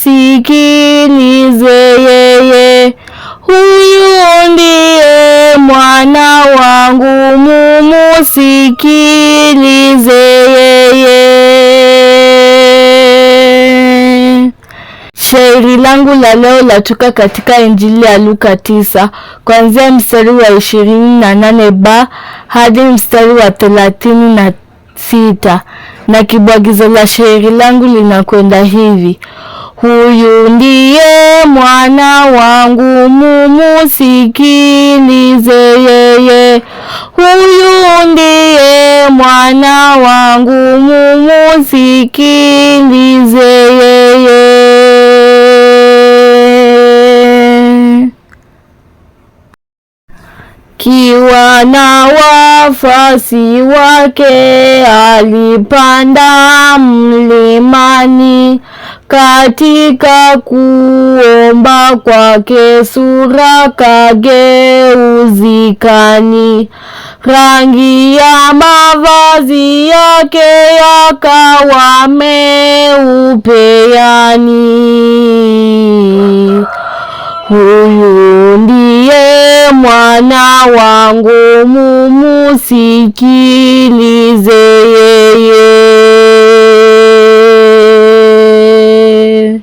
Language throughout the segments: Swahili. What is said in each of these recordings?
Msikilize yeye, huyu ndiye mwana wangu, mumusikilize yeye. Shairi langu la leo latoka katika Injili ya Luka tisa kuanzia mstari wa ishirini na nane ba hadi mstari wa thelathini na sita na kibwagizo la shairi langu linakwenda hivi: Huyu ndiye mwana wangu, mumusikilize yeye. Huyu ndiye mwana wangu, mumusikilize yeye. akiwa na wafuasi wake alipanda mlimani. Katika kuomba kwake sura kageuzikani, rangi ya mavazi yake yakawa meupe yani. Huyu mwana wangu mumusikilize yeye.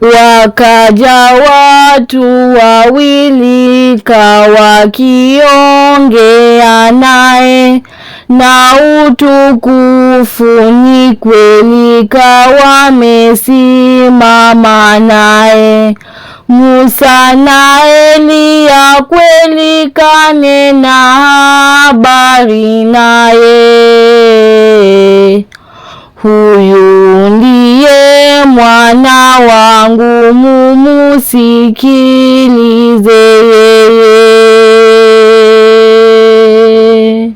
Wakaja watu wawili kawakiongea naye na utukufu ni kweli kawamesimama naye Musa na Eliya kweli kanena habari naye, huyu ndiye mwana wangu mumusikilize yeye.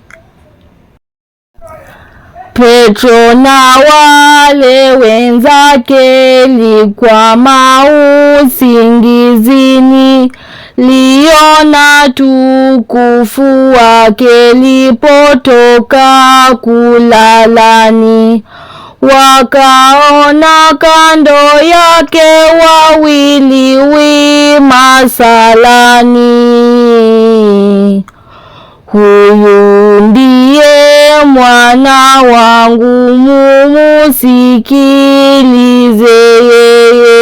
Petro na wa wale wenzake likwama usingizini, liona tukufu wake lipotoka kulalani wakaona kando yake wawili wimasalani huyu mwana wangu, mumusikilize yeye.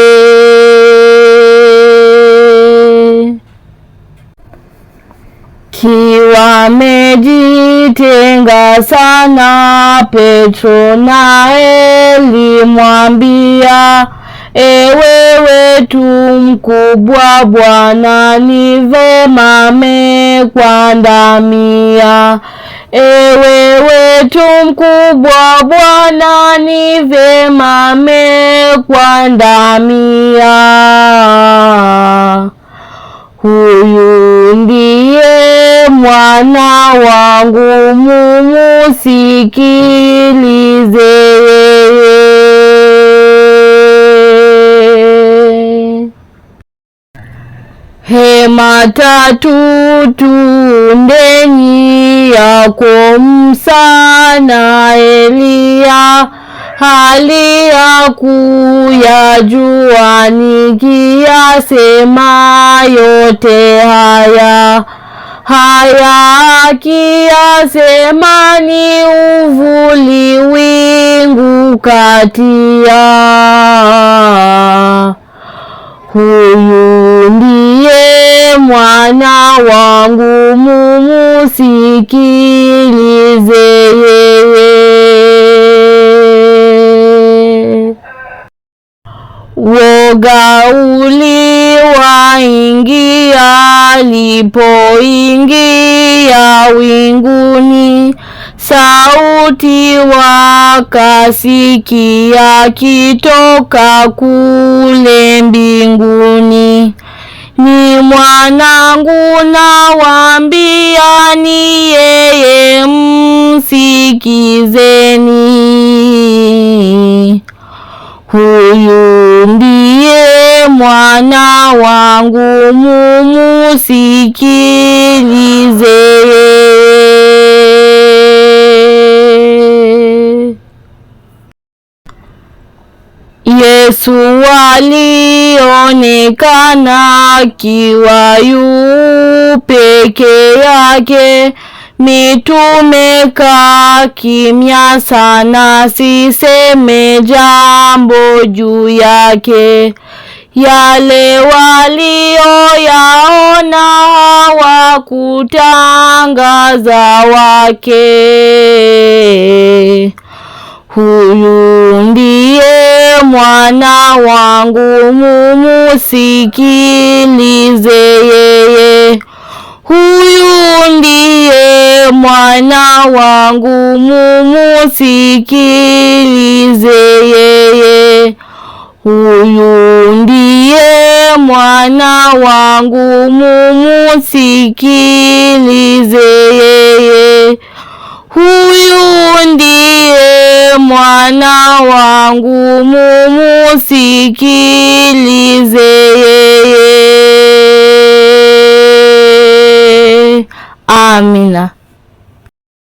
Kiwamejitenga sana, Petro naye alimwambia Ewe wetu mkubwa, Bwana, ni vema mekwandamia. Ewe wetu mkubwa Bwana, ni vyema ndamia Huyu ndiye mwana wangu, mumusikilize yeye. Hema tatu tunde na Eliya hali ya kuyajua nikiyasema yote haya haya akiyasema ni uvuli wingu katia. Huyu ndiye mwana wangu Msikilize yeye. Woga uliwaingia alipoingia winguni, sauti wakasikia kitoka kule mbinguni ni mwanangu nawaambia, ni yeye, msikizeni. Huyu ndiye mwana wangu, mumusikilize Yesu alii alionekana akiwa yu peke yake. Mitume ka kimya sana, siseme jambo juu yake. Yale walioyaona hawakutangaza wake Huyu ndiye mwana wangu, mumusikilize yeye. Huyu ndiye mwana wangu, mumusikilize yeye. Huyu ndiye mwana wangu, mumusikilize yeye. Huyu ndiye mwana wangu, mumusikilize yeye. Amina.